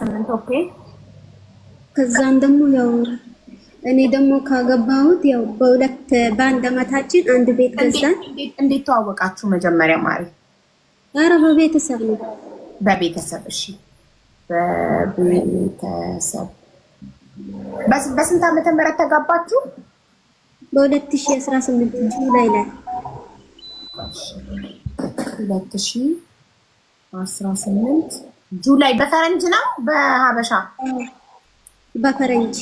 ስምንት ኦኬ። ከዛም ደግሞ ያው እኔ ደግሞ ካገባሁት ያው በሁለት በአንድ አመታችን አንድ ቤት ገዛን። እንዴት ተዋወቃችሁ መጀመሪያ? ማሪ ኧረ በቤተሰብ ነው። በቤተሰብ እሺ፣ በቤተሰብ በስንት ዓመተ ምህረት ተጋባችሁ? በ ሺህ አስራ ላይ ላይ ጁላይ በፈረንጅ ነው በሀበሻ በፈረንጅ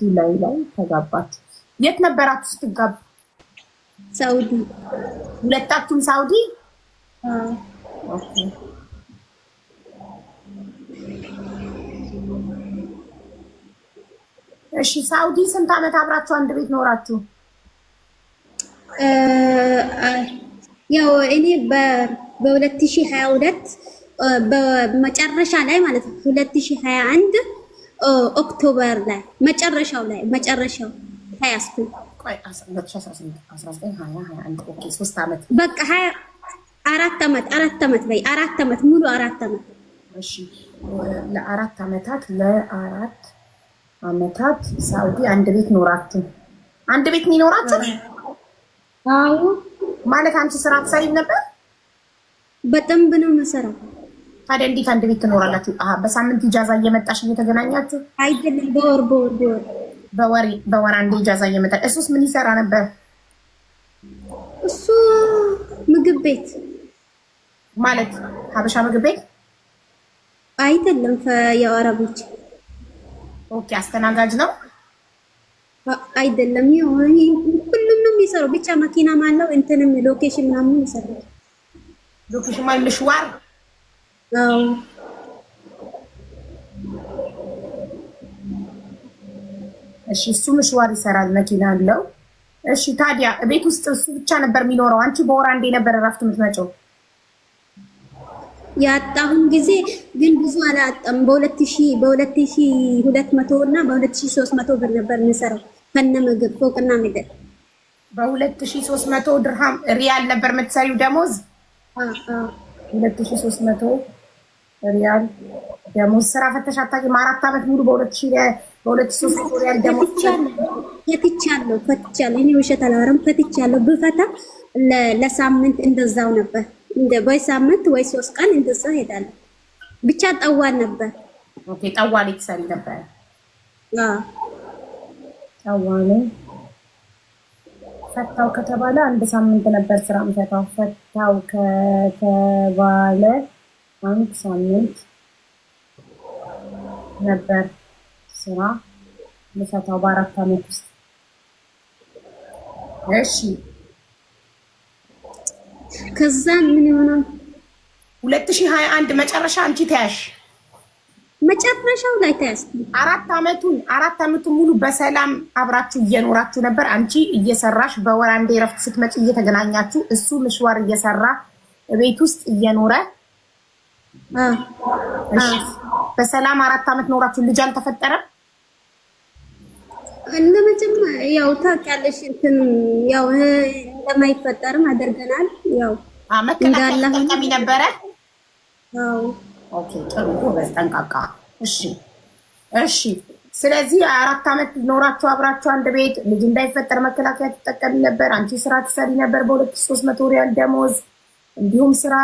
ጁላይ ላይ ተጋባች። የት ነበራችሁ ስትጋቡ? ሳውዲ። ሁለታችሁም ሳውዲ? እሺ። ሳውዲ ስንት ዓመት አብራችሁ አንድ ቤት ኖራችሁ? ያው እኔ በ በሁለት ሺህ ሀያ ሁለት በመጨረሻ ላይ ማለት ነው 2021 ኦክቶበር ላይ መጨረሻው ላይ መጨረሻው ተያዝኩ። በቃ አራት ዓመት አራት ዓመት በይ አራት ዓመት ሙሉ አራት ዓመት ለአራት ዓመታት ለአራት ዓመታት ሳውዲ አንድ ቤት ኖራችሁ አንድ ቤት የሚኖራችሁ? አዎ። ማለት አንቺ ስራ ትሰሪም ነበር? ነው ታዲያ እንዴት አንድ ቤት ትኖራላችሁ? በሳምንት ኢጃዛ እየመጣሽ እየተገናኛችሁ አይደለም? በወር በወር በወር በወር ኢጃዛ እየመጣ እሱስ ምን ይሰራ ነበር? እሱ ምግብ ቤት ማለት ሀበሻ ምግብ ቤት አይደለም፣ የአረቦች ኦኬ። አስተናጋጅ ነው አይደለም? ይሁን ሁሉም ነው የሚሰራው። ብቻ መኪናም አለው እንትንም ሎኬሽን ምናምን ይሰራል። ሎኬሽን ማለት ምሽዋር እሺ፣ እሱ ምሽዋር ይሰራል፣ መኪና አለው። እሺ፣ ታዲያ ቤት ውስጥ እሱ ብቻ ነበር የሚኖረው። አንቺ በወር አንዴ ነበር እረፍት የምትመጪው። ያጣሁን ጊዜ ግን ብዙ አላጣም። በሁለት ሺህ በሁለት ሺህ ሁለት መቶ እና በሁለት ሺህ ሦስት መቶ ብር ነበር የምንሰራው ከነ ምግብ ፎቅና ምግብ። በሁለት ሺህ ሦስት መቶ ድርሃም ሪያል ነበር የምትሰሪው ደሞዝ ሁለት ሺህ ሦስት መቶ ሪያል ደሞዝ ስራ ፈተሽ አታውቂም? አራት ዓመት ሙሉ በሁለት ሺህ በሁለት ሺህ ሦስት ሪያል ደሞዝ ፈትቻለሁ፣ ፈትቻለሁ። እኔ ውሸት አላወራም፣ ፈትቻለሁ። ብፈታ ለሳምንት እንደዛው ነበር፣ ወይ ሳምንት ወይ ሶስት ቀን እንደዛ ሄዳለሁ። ብቻ ጠዋል ነበር። ኦኬ ጠዋል ይትሰሪ ነበር። ጠዋል ፈታው ከተባለ አንድ ሳምንት ነበር ስራ ምሰታው። ፈታው ከተባለ አንድ ሳምንት ነበር ስራ ልፈታው በአራት አመት ውስጥ። እሺ ከዛ ምን ይሆናል? ሁለት ሺህ ሀያ አንድ መጨረሻ አንቺ ተያሽ፣ መጨረሻው ላይ ተያሽ። አራት አመቱን አራት አመቱን ሙሉ በሰላም አብራችሁ እየኖራችሁ ነበር። አንቺ እየሰራሽ በወር አንዴ እረፍት ስትመጪ እየተገናኛችሁ፣ እሱ ምሽዋር እየሰራ ቤት ውስጥ እየኖረ በሰላም አራት አመት ኖራችሁ ልጅ አልተፈጠረም? እንደመጀመሪያ ያው ታውቂያለሽ እንትን ያው እንደማይፈጠርም አደርገናል። ያው እንዳለ ሆኖ ነበረ። አዎ ኦኬ፣ ጥሩ ጎበዝ፣ ጠንቃቃ። እሺ፣ እሺ። ስለዚህ አራት አመት ኖራችሁ አብራችሁ አንድ ቤት ልጅ እንዳይፈጠር መከላከያ ትጠቀሚ ነበር። አንቺ ስራ ትሰሪ ነበር በሁለት ሺህ መቶ ሪያል ደሞዝ እንዲሁም ስራ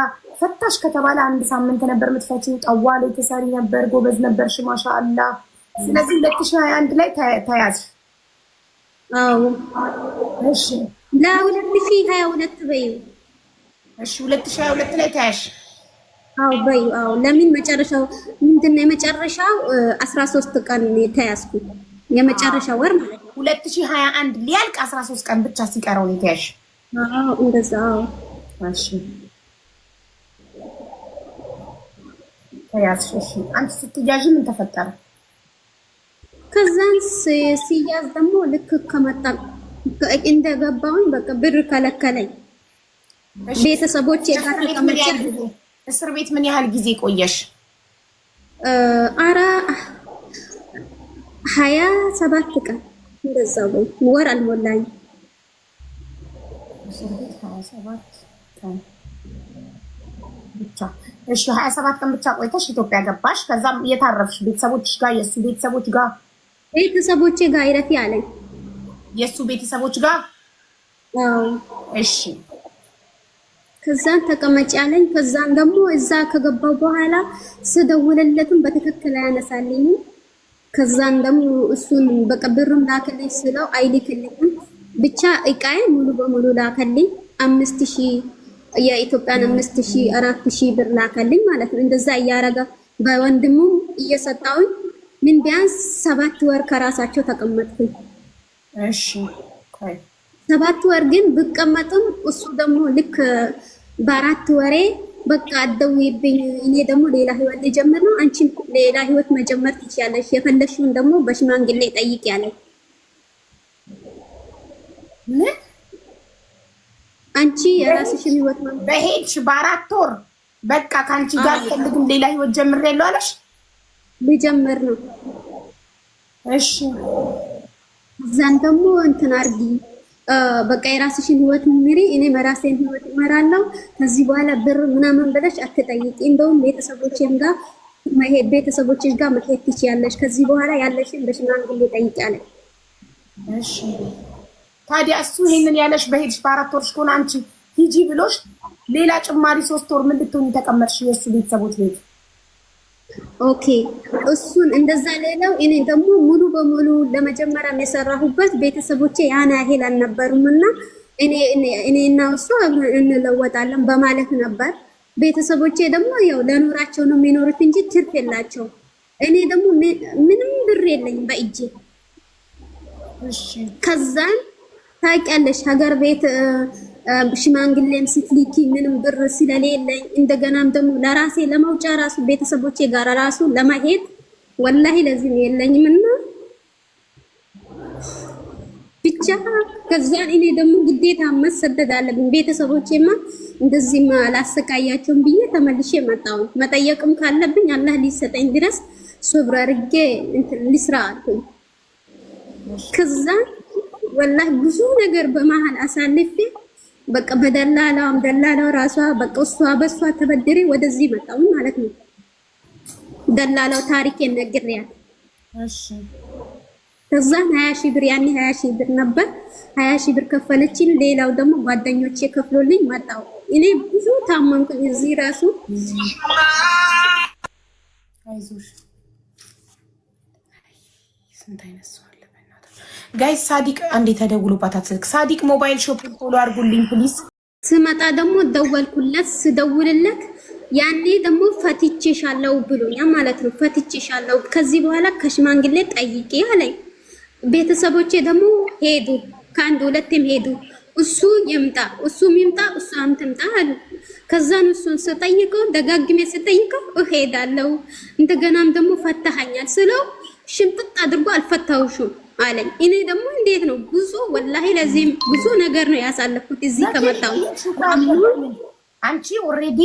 ፈታሽ ከተባለ አንድ ሳምንት ነበር የምትፈችው። ጠዋል የተሰሪ ነበር፣ ጎበዝ ነበር ሽማሻ አላ። ስለዚህ ሁለት ሺ ሀያ አንድ ላይ ተያዝ። እሺ ለሁለት ሺ ሀያ ሁለት በይ። እሺ ሁለት ሺ ሀያ ሁለት ላይ ተያሽ። አዎ በይ። አዎ ለምን መጨረሻው ምንድን ነው? የመጨረሻው አስራ ሶስት ቀን የተያዝኩ የመጨረሻ ወር ማለት ነው። ሁለት ሺ ሀያ አንድ ሊያልቅ አስራ ሶስት ቀን ብቻ ሲቀረው ነው የተያሽ። እንደዛ እሺ ያዝሽ። አንቺ ስትያዥ ምን ተፈጠረ? ከዛን ሲያዝ ደግሞ ልክ ከመጣ እንደገባሁኝ በቃ ብር ከለከለኝ። ቤተሰቦች እስር ቤት ምን ያህል ጊዜ ቆየሽ? አራ ሀያ ሰባት ቀን እንደዛ ወይ ወር አልሞላኝ። ብቻ እሺ፣ ሀያ ሰባት ቀን ብቻ ቆይተሽ ኢትዮጵያ ገባሽ። ከዛም የታረፍሽ ቤተሰቦች ጋር የእሱ ቤተሰቦች ጋር ቤተሰቦቼ ጋር ይረፊ አለኝ የእሱ ቤተሰቦች ጋር እሺ። ከዛን ተቀመጭ ያለኝ ከዛን ደግሞ እዛ ከገባው በኋላ ስደውልለትም በትክክል አያነሳልኝም። ከዛን ደግሞ እሱን በቀብርም ላክልኝ ስለው አይልክልኝም። ብቻ እቃዬ ሙሉ በሙሉ ላከልኝ አምስት ሺህ የኢትዮጵያን አምስት ሺ አራት ሺህ ብር ላከልኝ ማለት ነው። እንደዛ እያረገ በወንድሙም እየሰጣውኝ ምን ቢያንስ ሰባት ወር ከራሳቸው ተቀመጥኩኝ። እሺ ሰባት ወር ግን ብቀመጥም እሱ ደግሞ ልክ በአራት ወሬ በቃ አትደውይብኝ፣ እኔ ደግሞ ሌላ ህይወት ልጀምር ነው፣ አንቺም ሌላ ህይወት መጀመር ትችያለሽ፣ የፈለግሽውን ደግሞ በሽማግሌ ጠይቅ ያለኝ አንቺ የራስሽን ህይወት በሄድሽ በአራት ወር በቃ ከአንቺ ጋር አልፈልግም ሌላ ህይወት ጀምር ያለው አለሽ። ልጀምር ነው እሺ። እዛን ደግሞ እንትን አርጊ በቃ የራስሽን ህይወት ምሪ፣ እኔ መራሴን ህይወት እመራለሁ። ከዚህ በኋላ ብር ምናምን ብለሽ አትጠይቂ። እንደውም ቤተሰቦቼም ጋር መሄድ ቤተሰቦችሽ ጋር መሄድ ትችያለሽ። ከዚህ በኋላ ያለሽን በሽማግሌ ጠይቂ አለኝ። እሺ ታዲያ እሱ ይሄንን ያለሽ በሄድሽ በአራት ወርሽ ከሆነ አንቺ ሂጂ ብሎሽ ሌላ ጭማሪ ሶስት ወር ምን ልትሆኝ ተቀመጥሽ? የእሱ ቤተሰቦች ቤት ኦኬ። እሱን እንደዛ ሌላው እኔ ደግሞ ሙሉ በሙሉ ለመጀመሪያም የሰራሁበት ቤተሰቦቼ ያን ያህል አልነበሩም እና እኔ እና እሱ እንለወጣለን በማለት ነበር። ቤተሰቦቼ ደግሞ ያው ለኑራቸው ነው የሚኖሩት እንጂ ትርፍ የላቸው። እኔ ደግሞ ምንም ብር የለኝም በእጄ ከዛን ታውቂያለሽ ሀገር ቤት ሽማግሌም ስትልኪ ምንም ብር ስለሌለኝ እንደገናም ደግሞ ለራሴ ለመውጫ ራሱ ቤተሰቦቼ ጋር ራሱ ለማሄድ ወላሂ ለዚህም የለኝም እና ብቻ ከዛን እኔ ደግሞ ግዴታ መሰደድ አለብኝ። ቤተሰቦቼማ እንደዚህማ አላሰቃያቸውም ብዬ ተመልሼ መጣሁ። መጠየቅም ካለብኝ አላህ ሊሰጠኝ ድረስ ሱብረርጌ አድርጌ ልስራ አልኩኝ ከዛን ወላሂ ብዙ ነገር በመሀል አሳልፌ በቃ በደላላውም ደላላው ራሷ በቃ እሷ በእሷ ተበድሬ ወደዚህ መጣሁ ማለት ነው። ደላላው ታሪኬን ነግሬያት እሺ ከዛ ሀያ ሺህ ብር ያኔ ሀያ ሺህ ብር ነበር። ሀያ ሺህ ብር ከፈለችን። ሌላው ደግሞ ጓደኞቼ ከፍሎልኝ መጣሁ። እኔ ብዙ ታመምኩኝ። እዚህ ራሱ አይዞሽ ስንት አይነት ሰው ጋይ ሳዲቅ አንዴ ተደውሎባታል ስልክ። ሳዲቅ ሞባይል ሾፕ ቶሎ አድርጉልኝ ፕሊስ። ስመጣ ደግሞ ደወልኩለት። ስደውልለት ያኔ ደግሞ ፈትቼሻለሁ ብሎኛ ማለት ነው። ፈትቼሻለሁ ከዚህ በኋላ ከሽማግሌ ጠይቄ አለኝ። ቤተሰቦቼ ደግሞ ሄዱ፣ ከአንድ ሁለትም ሄዱ። እሱ ይምጣ እሱ ይምጣ እሱ ትምጣ አሉ። ከዛን እሱን ስጠይቀው ደጋግሜ ስጠይቀው እሄዳለሁ እንደገናም ደግሞ ፈታሃኛል ስለው ሽምጥጥ አድርጎ አልፈታውሹም። አለኝ። እኔ ደግሞ እንዴት ነው ብዙ ወላሂ፣ ለዚህም ብዙ ነገር ነው ያሳለፍኩት እዚህ ከመጣሁ። አንቺ ኦልሬዲ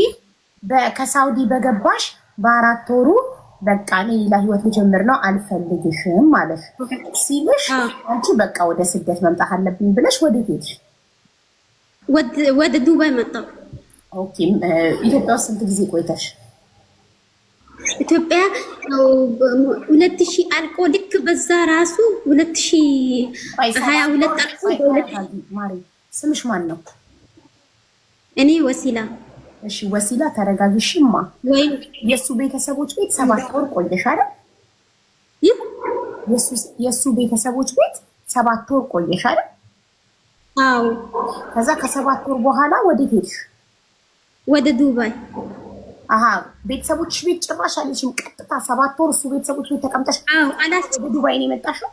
ከሳውዲ በገባሽ በአራት ወሩ በቃ እኔ ሌላ ህይወት ልጀምር ነው አልፈልግሽም ማለት ሲልሽ፣ አንቺ በቃ ወደ ስደት መምጣት አለብኝ ብለሽ ወደ ሄድሽ ወደ ዱባይ መጣሁ። ኢትዮጵያ ውስጥ ስንት ጊዜ ቆይተሽ? ኢትዮጵያ ነው ሁለት ሺህ አልቆ ልክ በዛ ራሱ ሁለት ሺህ ሀያ ሁለት አልቆ ስምሽ ማን ነው? እኔ ወሲላ። እሺ ወሲላ ተረጋግሽማ። ወይም የእሱ ቤተሰቦች ቤት ሰባት ወር ቆየሽ አይደል? የእሱ ቤተሰቦች ቤት ሰባት ወር ቆየሽ አይደል? አዎ። ከዛ ከሰባት ወር በኋላ ወዴት ሄድሽ? ወደ ዱባይ ቤተሰቦች ቤት ጭራሽ አለሽም። ቀጥታ ሰባት ወር እሱ ቤተሰቦች ቤት ተቀምጠሽ ዱባይ ነው የመጣሽው።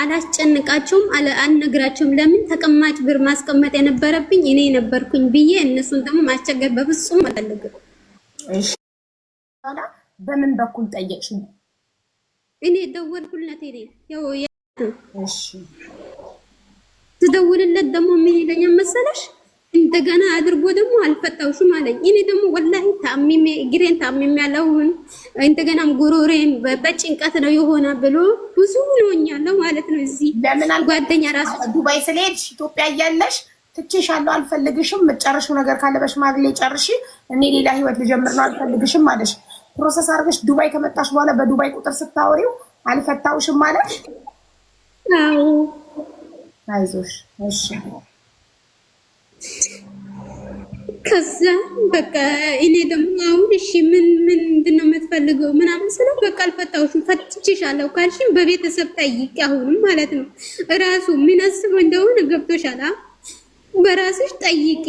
አላስጨንቃቸውም፣ አልነግራቸውም። ለምን ተቀማጭ ብር ማስቀመጥ የነበረብኝ እኔ የነበርኩኝ ብዬ እነሱን ደግሞ ማስቸገር በፍጹም አልፈልግም። በምን በኩል ጠየቅሽ? እኔ ደወልኩለት። ያው ትደውልለት ደግሞ ምን ይለኛል መሰለሽ እንደገና አድርጎ ደግሞ አልፈታውሽም አለኝ። እኔ ደግሞ ወላሂ ታምሜ እግሬን ታምሜ ያለውን እንደገናም ጉሮሬን በጭንቀት ነው የሆነ ብሎ ብዙ ሆኛለሁ ማለት ነው። እዚህ ለምን ጓደኛ ራሱ ዱባይ ስለሄድሽ ኢትዮጵያ እያለሽ ትቼሻለሁ፣ አልፈልግሽም፣ የምትጨርሺው ነገር ካለ በሽማግሌ ጨርሺ፣ እኔ ሌላ ህይወት ልጀምር ነው፣ አልፈልግሽም አለሽ። ፕሮሰስ አድርገሽ ዱባይ ከመጣሽ በኋላ በዱባይ ቁጥር ስታወሪው አልፈታውሽም ማለት። አይዞሽ እሺ ከዛ በቃ እኔ ደግሞ አሁን እሺ ምን ምን ምንድን ነው የምትፈልገው ምናምን ስለው በቃ አልፈታሁሽም፣ ፈትቼሻለሁ ካልሽም በቤተሰብ ጠይቂ አሁንም ማለት ነው። ራሱ የሚነስበው እንደሆነ ገብቶሻል። በራስሽ ጠይቂ።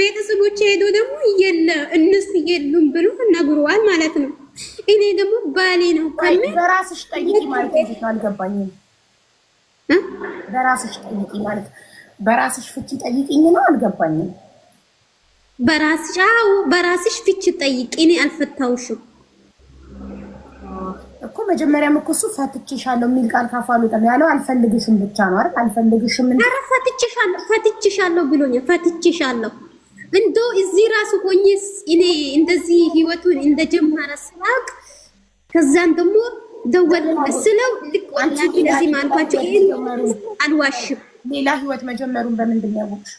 ቤተሰቦች ሄዶ ደግሞ የለ እነሱ የሉም ብሎ ነግሯል ማለት ነው። እኔ ደግሞ ባሌ ነው ከምን በራስሽ ጠይቂ ማለት ነው። አልገባኝም። በራስሽ ጠይቂ ማለት በራስሽ ፍቺ ጠይቅኝ ነው። አልገባኝም። በራስሽ አዎ፣ በራስሽ ፍቺ ጠይቂ። እኔ አልፈታውሽም እኮ መጀመሪያም እኮ እሱ ፈትቼሻለሁ የሚል ቃል ካፋሉ ጠም ያለው አልፈልግሽም ብቻ ነው አይደል? አልፈልግሽም እንዴ? ኧረ ፈትቼሻለሁ፣ ፈትቼሻለሁ ብሎኛል። ፈትቼሻለሁ እንዶ እዚህ ራሱ ሆኜስ እኔ እንደዚህ ህይወቱን እንደጀመረ ስላቅ ከዛን ደግሞ ደወል ስለው ልቆ አንቺ እንደዚህ ማልኳቸው ይሄን አልዋሽም ሌላ ህይወት መጀመሩን በምንድን ነው ያወቅሽ?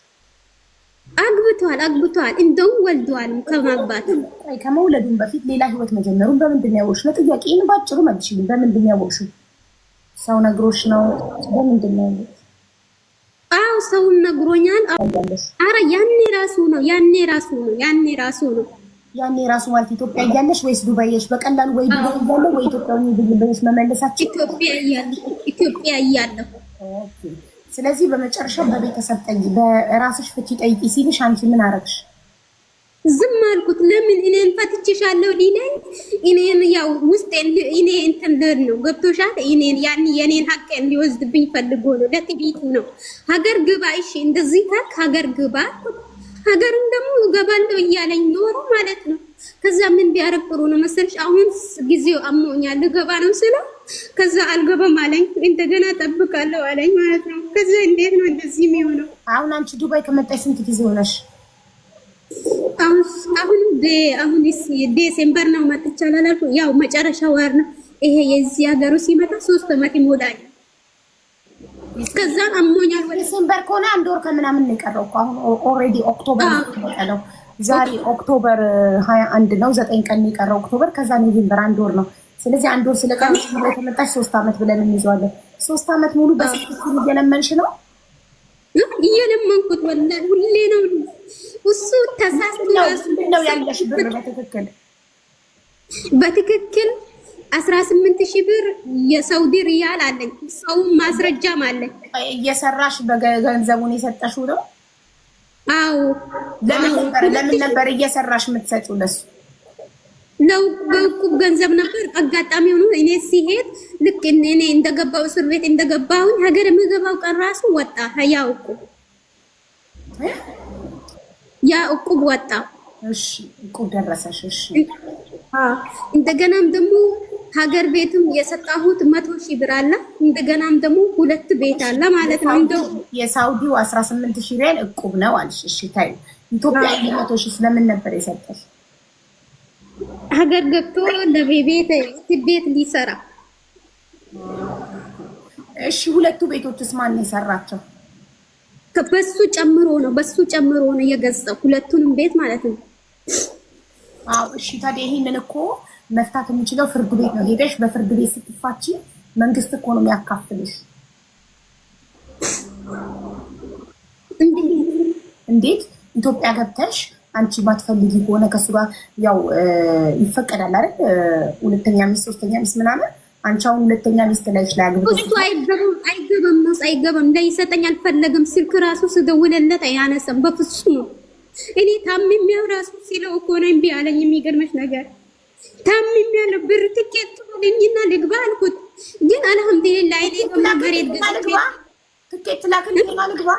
አግብቷል አግብቷል፣ እንደውም ወልዷል። ከማባት ከመውለዱን በፊት ሌላ ህይወት መጀመሩን በምንድን ነው ያወቅሽ? ለጥያቄን ባጭሩ መልሽልኝ። በምንድን ነው ያወቅሽ? ሰው ነግሮሽ ነው? በምንድን ነው ያወቅሽ? አዎ ሰውን ነግሮኛል። አረ ያኔ ራሱ ነው ያኔ ራሱ ነው ያኔ ራሱ ነው ያኔ ራሱ ማለት ኢትዮጵያ እያለሽ ወይስ ዱባይ እያለሽ? በቀላሉ ወይ ዱባይ እያለ ወይ ኢትዮጵያ ብዬሽ መመለሳችሁ። ኢትዮጵያ እያለሁ ኢትዮጵያ እያለሁ ስለዚህ በመጨረሻ በቤተሰብ ጠይ በራስሽ ፍቺ ጠይቂ ሲልሽ አንቺ ምን አረግሽ? ዝም አልኩት። ለምን እኔን ፈትቼሻለሁ ሊለኝ እኔን ያው ውስጥ እኔ እንትን ነው ገብቶሻል። እኔን ያን የኔን ሀቅ እንዲወስድብኝ ፈልጎ ነው፣ ለትቢቱ ነው። ሀገር ግባ እሺ፣ እንደዚህ ካልክ ሀገር ግባ። ሀገርም ደግሞ እገባለሁ እያለኝ ኖሮ ማለት ነው። ከዛ ምን ቢያረግ ጥሩ ነው መሰለሽ? አሁን ጊዜው አሞኛል ልገባ ነው ስለው ከዛ አልገባም አለኝ። እንደገና ጠብቃለሁ አለኝ ማለት ነው። ከዛ እንዴት ነው እንደዚህ የሚሆነው? አሁን አንቺ ዱባይ ከመጣሽ ስንት ጊዜ ሆነሽ? አሁን አሁን ዴሴምበር ነው መጥቻለሁ አልኩ። ያው መጨረሻ ወር ነው ይሄ የዚህ ሀገሩ ሲመጣ ሶስት ዓመት ይሞላል። ከዛ አሞኛል። ዲሴምበር ከሆነ አንድ ወር ከምናምን ነው የቀረው እኮ አሁን ኦልሬዲ ኦክቶበር ነው። ዛሬ ኦክቶበር ሀያ አንድ ነው። ዘጠኝ ቀን የቀረው ኦክቶበር። ከዛ ኖቬምበር አንድ ወር ነው። ስለዚህ አንድ ወር ስለቀረሽ የተመጣሽ ሶስት ዓመት ብለን እንይዘዋለን። ሶስት ዓመት ሙሉ በስልክሽን እየለመንሽ ነው። እየለመንኩት ወላሂ ሁሌ ነው እሱ ተሳስነው ያለሽ ብር በትክክል በትክክል አስራ ስምንት ሺህ ብር የሳውዲ ሪያል አለኝ። ሰውም ማስረጃም አለኝ። እየሰራሽ በገንዘቡን የሰጠሽው ነው? አዎ። ለምን ነበር እየሰራሽ የምትሰጪው ለሱ ነው በውቁብ ገንዘብ ነበር። አጋጣሚ ሆኖ እኔ ሲሄድ ልክ እኔ እንደገባው እስር ቤት እንደገባሁኝ ሀገር የምገባው ቀን ራሱ ወጣ ያ እቁብ ያ እቁብ ወጣ። እሺ እቁብ ደረሰሽ? እሺ እንደገናም ደግሞ ሀገር ቤትም የሰጣሁት መቶ ሺህ ብር አለ። እንደገናም ደግሞ ሁለት ቤት አለ ማለት ነው። እንደው የሳውዲው 18000 ሪያል እቁብ ነው አልሽ። እሺ ታይ ኢትዮጵያ 100 ሺህ ስለምን ነበር የሰጠሽ? ሀገር ገብቶ ለቤት ቤት ሊሰራ እሺ። ሁለቱ ቤቶችስ ማን የሰራቸው? በሱ ጨምሮ ነው በሱ ጨምሮ ነው የገዛው ሁለቱንም ቤት ማለት ነው። አዎ እሺ። ታዲያ ይሄንን እኮ መፍታት የሚችለው ፍርድ ቤት ነው። ሄደሽ በፍርድ ቤት ስትፋች መንግስት እኮ ነው የሚያካፍልሽ። እንዴት ኢትዮጵያ ገብተሽ አንቺ ባትፈልጊ ከሆነ ከሱ ጋር ያው ይፈቀዳል አይደል? ሁለተኛ ሚስት፣ ሶስተኛ ሚስት ምናምን። አንቺ አሁን ሁለተኛ ሚስት ላይ ይችላል አግብቶ አይገባም፣ አይገባም ነው አይገባም። እንዳይሰጠኝ አልፈለግም። ስልክ ራሱ ስደውልለት አያነሳም በፍጹም ነው። እኔ ታምሜው ራሱ ሲለው እኮ ነው እምቢ አለኝ። የሚገርመሽ ነገር ታምሜያለሁ፣ ብር ትኬት ልኝና ልግባ አልኩት። ግን አልሐምዱሊላህ አይኔ ነው ማገሬት ገዘ ትኬት ላክልኝና ልግባ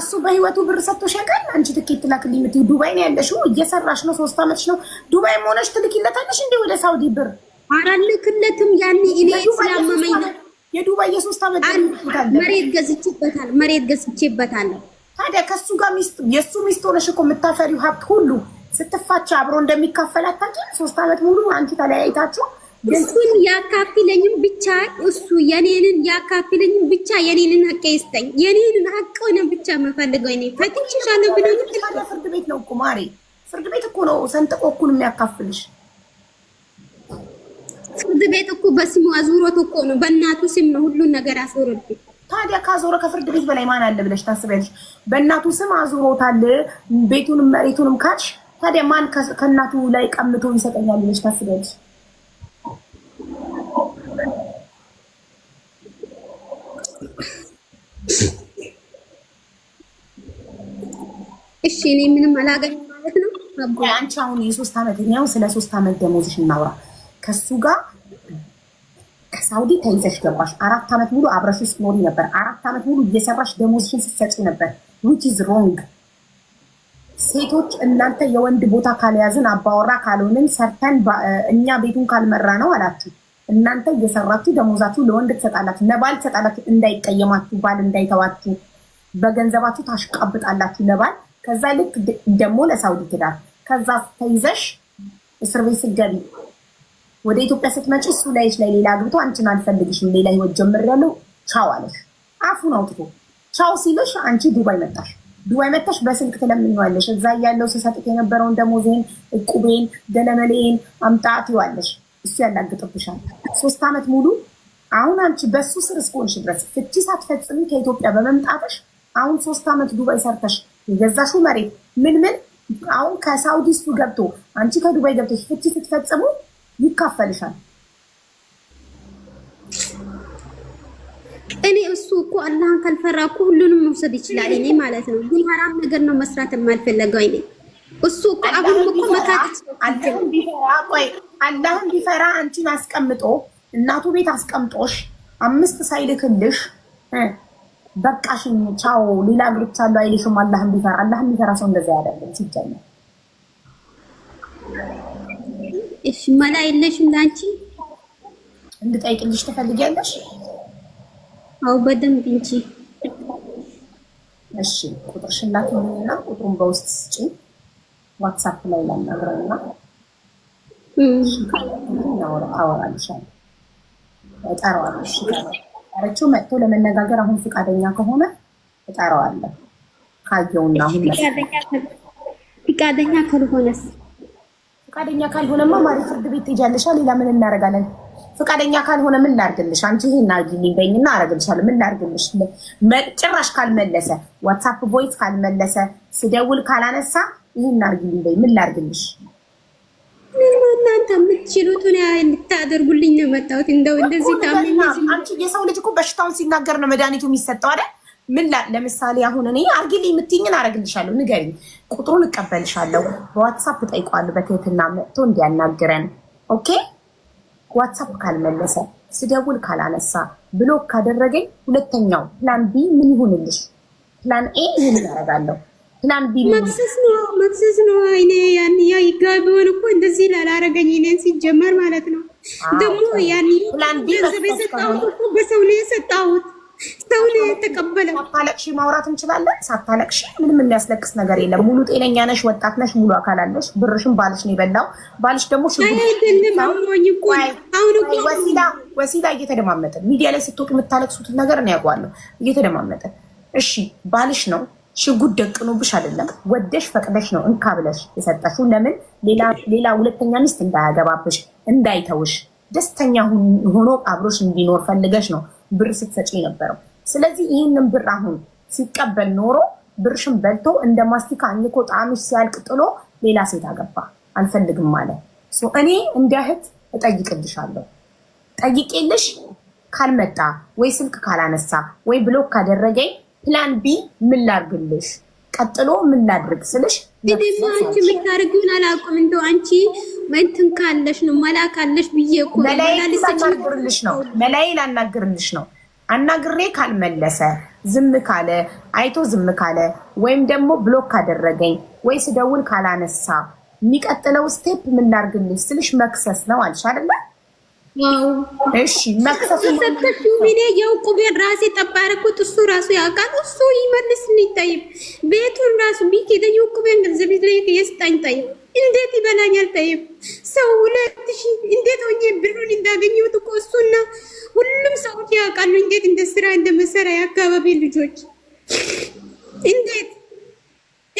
እሱ በህይወቱ ብር ሰጥቶ ሸቃል። አንቺ ትኬት ትላክልኝ የምትይው ዱባይ ነው ያለሽው፣ እየሰራሽ ነው፣ ሶስት አመትሽ ነው። ዱባይ መሆነሽ ትልኪለታለሽ እንዲ ወደ ሳውዲ ብር? ኧረ ያኔ እኔ ስላመመኝ የዱባይ የሶስት አመት መሬት ገዝቼበታል፣ መሬት ገዝቼበታለሁ። ታዲያ ከእሱ ጋር ሚስት የእሱ ሚስት ሆነሽ እኮ የምታፈሪው ሀብት ሁሉ ስትፋች አብሮ እንደሚካፈል አታውቂም? ሶስት አመት ሙሉ አንቺ ተለያይታችሁ እሱን ያካፍለኝም ብቻ እሱ የኔንን ያካፍለኝም ብቻ የኔንን ሀቅ ይስጠኝ። የኔንን ሀቅ ሆነ ብቻ የምፈልገው እኔ ፈትቼሻለሁ ብሎ ፍርድ ቤት ነው እኮ ማሬ፣ ፍርድ ቤት እኮ ነው ሰንጥቆ እኩል የሚያካፍልሽ። ፍርድ ቤት እኮ በስሙ አዙሮት እኮ ነው፣ በእናቱ ስም ነው ሁሉን ነገር አዞረብኝ። ታዲያ ካዞረ ከፍርድ ቤት በላይ ማን አለ ብለሽ ታስቢያለሽ? በእናቱ ስም አዙሮታል ቤቱንም መሬቱንም ካልሽ ታዲያ ማን ከእናቱ ላይ ቀምቶ ይሰጠኛል ብለሽ ታስቢያለሽ? እሺ እኔ ምንም አላገኝም ማለት ነው። አንቺ አሁን የሶስት ዓመት እኔ ስለ ሶስት ዓመት ደሞዝሽ እናውራ። ከሱ ጋር ከሳውዲ ተይዘሽ ገባሽ። አራት ዓመት ሙሉ አብረሽ ውስጥ ኖሪ ነበር። አራት ዓመት ሙሉ እየሰራሽ ደሞዝሽን ስትሰጪ ነበር። ዊች ኢዝ ሮንግ። ሴቶች እናንተ የወንድ ቦታ ካልያዝን አባወራ ካልሆንን ሰርተን እኛ ቤቱን ካልመራ ነው አላችሁ። እናንተ እየሰራችሁ ደሞዛችሁ ለወንድ ትሰጣላችሁ፣ ለባል ትሰጣላችሁ፣ እንዳይቀየማችሁ፣ ባል እንዳይተዋችሁ፣ በገንዘባችሁ ታሽቃብጣላችሁ ለባል ከዛ ልክ ደግሞ ለሳውዲ ትዳር ከዛ ተይዘሽ እስር ቤት ስትገቢ ወደ ኢትዮጵያ ስትመጪ እሱ ላይሽ ላይ ሌላ አግብቶ አንቺን አልፈልግሽም ሌላ ህይወት ጀምሬያለሁ ቻው አለሽ። አፉን አውጥቶ ቻው ሲልሽ አንቺ ዱባይ መጣሽ። ዱባይ መጣሽ በስልክ ትለምኛዋለሽ። እዛ ያለው ስሰጥት የነበረውን ደሞዜን፣ እቁቤን፣ ገለመሌን አምጣት ይዋለሽ። እሱ ያላግጥብሻል ሶስት ዓመት ሙሉ። አሁን አንቺ በሱ ስር እስከሆንሽ ድረስ ፍቺ ሳትፈጽሚ ከኢትዮጵያ በመምጣትሽ አሁን ሶስት ዓመት ዱባይ ሰርተሽ የገዛሹ መሬት ምን ምን አሁን ከሳውዲስቱ ገብቶ አንቺ ከዱባይ ገብተሽ ፍቺ ስትፈጽሙ ይካፈልሻል። እኔ እሱ እኮ አላህን ካልፈራ እኮ ሁሉንም መውሰድ ይችላል። እኔ ማለት ነው ግን ሀራም ነገር ነው መስራት የማልፈለገው። እኔ እሱ እኮ አሁን እኮ አላህን ቢፈራ አንቺን አስቀምጦ እናቱ ቤት አስቀምጦሽ አምስት ሳይልክልሽ በቃሽኝ ቻው ሌላ እግሮች አሉ አይልሽም። አላህ ቢፈራ አላህ ቢፈራ ሰው እንደዛ ያደርግም ሲጀመር። እሺ መላ የለሽም ላንቺ እንድጠይቅልሽ ትፈልጊያለሽ? አው በደንብ እንጂ። እሺ ቁጥርሽን ላኪልኝና ቁጥሩን በውስጥ ስጪ፣ ዋትሳፕ ላይ ላናግረውና አወራልሻለሁ፣ እጠራዋለሁ። እሺ ያረችው መጥቶ ለመነጋገር አሁን ፍቃደኛ ከሆነ እጠራዋለሁ። ካየውና አሁን ፍቃደኛ ካልሆነስ? ፍቃደኛ ካልሆነማ ማሪ ፍርድ ቤት ትሄጃለሻ። ሌላ ምን እናደርጋለን? ፍቃደኛ ካልሆነ ምን እናርግልሽ? አንቺ ይሄ አድርጊልኝ በይኝና አደርግልሻለሁ። ምን እናርግልሽ? ጭራሽ ካልመለሰ፣ ዋትሳፕ ቮይስ ካልመለሰ፣ ስደውል ካላነሳ፣ ይሄን እናርግልኝ በይ ምን እናርግልሽ? እናንተ የምትችሉትን እንድታደርጉልኝ ነው የመጣሁት። እንደው እንደዚህ አንቺ የሰው ልጅ እኮ በሽታውን ሲናገር ነው መድኃኒቱ የሚሰጠው አይደል? ምን ለምሳሌ አሁን እኔ አርጊልኝ የምትይኝን አረግልሻለሁ። ንገሪኝ፣ ቁጥሩን እቀበልሻለሁ። በዋትሳፕ ጠይቋለሁ፣ በትህትና መጥቶ እንዲያናግረን። ኦኬ ዋትሳፕ ካልመለሰ ስደውል ካላነሳ ብሎክ ካደረገኝ፣ ሁለተኛው ፕላን ቢ ምን ይሁንልሽ? ፕላን ኤ ይህን ያደርጋለሁ መክሰስ ነው መክሰስ ነው። አይኔ ያን ያ ቢሆን እኮ እንደዚህ ላላረገኝ እኔን ሲጀመር ማለት ነው። ደግሞ ያን ገንዘብ የሰጣሁት በሰው የሰጣሁት፣ ሰው የተቀበለ። ማውራት እንችላለን። ምንም የሚያስለቅስ ነገር የለም። ሙሉ ጤነኛ ነሽ፣ ወጣት ነሽ፣ ሙሉ አካል አለሽ። ብርሽም ባልሽ ነው የበላው። ባልሽ ደግሞ አይደለም አሁን ወሲላ ወሲላ እየተደማመጠ ሚዲያ ላይ ስትወቅ የምታለቅሱትን ነገር ነው ያውቀዋለሁ። እየተደማመጠ እሺ፣ ባልሽ ነው ሽጉጥ ደቅኖብሽ አይደለም፣ ወደሽ ፈቅደሽ ነው እንካ ብለሽ የሰጠሽው። ለምን ሌላ ሁለተኛ ሚስት እንዳያገባብሽ እንዳይተውሽ፣ ደስተኛ ሆኖ አብሮሽ እንዲኖር ፈልገሽ ነው ብር ስትሰጪ የነበረው። ስለዚህ ይህንን ብር አሁን ሲቀበል ኖሮ ብርሽን በልቶ እንደ ማስቲካ አኝኮ ጣዕምሽ ሲያልቅ ጥሎ ሌላ ሴት አገባ። አልፈልግም አለ። እኔ እንደ እህት እጠይቅልሻለሁ። ጠይቄልሽ ካልመጣ ወይ ስልክ ካላነሳ ወይ ብሎክ ካደረገኝ ፕላን ቢ ምን ላድርግልሽ፣ ቀጥሎ ምን ላድርግ ስልሽ ደግሞ አንቺ የምታደርጊውን አላውቅም። እንደው አንቺ መንትን ካለሽ ነው መላ ካለሽ ብዬ እኮ ላናግርልሽ ነው መላይ ላናግርልሽ ነው። አናግሬ ካልመለሰ ዝም ካለ አይቶ ዝም ካለ ወይም ደግሞ ብሎክ ካደረገኝ ወይ ስደውል ካላነሳ የሚቀጥለው ስቴፕ ምን ላድርግልሽ ስልሽ መክሰስ ነው አልሽ አይደለ? እሺ ሰጠችው። እኔ የውቁ ቤት ራሴ ጠባረኩት። እሱ ራሱ ያውቃል። እሱ ይመልስ ይጠይብ ቤቱን ራሱ ቢኬደ የውቁ ቤት ገንዘብ የስጣኝ ጠይብ እንዴት ይበላኛል? ታይም ሰው ሁለት ሺ እንዴት ሆኜ ብሩን እንዳገኘሁት እኮ እሱና ሁሉም ሰዎች ያውቃሉ። እንዴት እንደ ስራ እንደ መሰራ የአካባቢ ልጆች እንዴት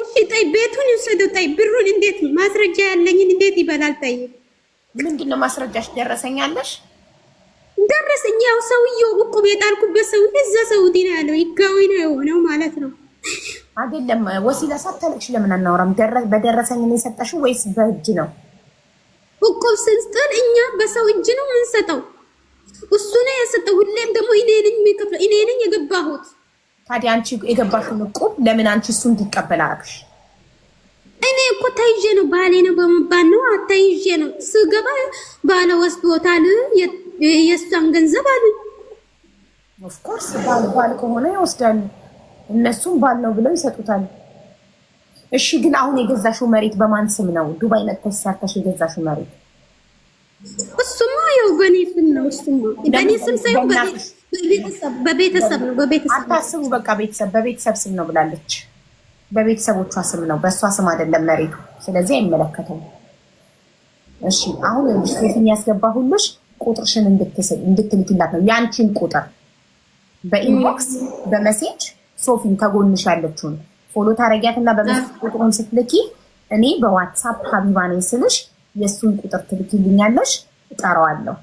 እሺ፣ ታይ ቤቱን ይውሰደው። ታይ ብሩን እንዴት ማስረጃ ያለኝን እንዴት ይበላል? ታይም ምንድን ነው ማስረጃሽ? ደረሰኛለሽ? ደረሰኝ ያው ሰውዬው እቁብ የጣልኩበት ሰውዬ እዛ ሰውዬ ነው ያለው፣ ህጋዊ ነው የሆነው ማለት ነው። አይደለም ወሲላ ሳታለቅሽ ለምን አናወራም? በደረሰኝ ነው የሰጠሽው ወይስ በእጅ ነው? እቁብ ስንስጥል እኛ በሰው እጅ ነው እንሰጠው፣ እሱ ነው ያሰጠው። ሁሌም ደግሞ እኔ ነኝ የሚከፍለው፣ ነኝ የገባሁት። ታዲያ አንቺ የገባሽውን እቁብ ለምን አንቺ እሱ እንዲቀበል እኔ እኮ ተይዤ ነው ባሌ ነው በመባል ነው አታይዤ ነው ስገባ ባለ ወስዶታል የእሷን ገንዘብ አሉ። ኦፍኮርስ ባል ባል ከሆነ ይወስዳሉ። እነሱም ባል ነው ብለው ይሰጡታል። እሺ ግን አሁን የገዛሽው መሬት በማን ስም ነው? ዱባይ መጥተሽ ሰርተሽ የገዛሽው መሬት እሱማ ያው በኔ ስም ነው። እሱማ በኔ ስም ሳይሆን በቤተሰብ በቤተሰብ ነው። በቤተሰብ አታስቡ። በቃ ቤተሰብ በቤተሰብ ስም ነው ብላለች። በቤተሰቦቿ ስም ነው፣ በእሷ ስም አይደለም መሬቱ። ስለዚህ አይመለከተው። እሺ አሁን ሴት ሴትን ሁሉሽ ቁጥርሽን እንድትልኪላት ነው። የአንቺን ቁጥር በኢንቦክስ በመሴጅ ሶፊን ከጎንሽ ያለችውን ፎሎ ታረጊያት ታረጊያትና በመሴጅ ቁጥሩን ስትልኪ እኔ በዋትሳፕ ሀቢባ ነኝ ስልሽ የእሱን ቁጥር ትልኪልኛለሽ፣ እጠራዋለሁ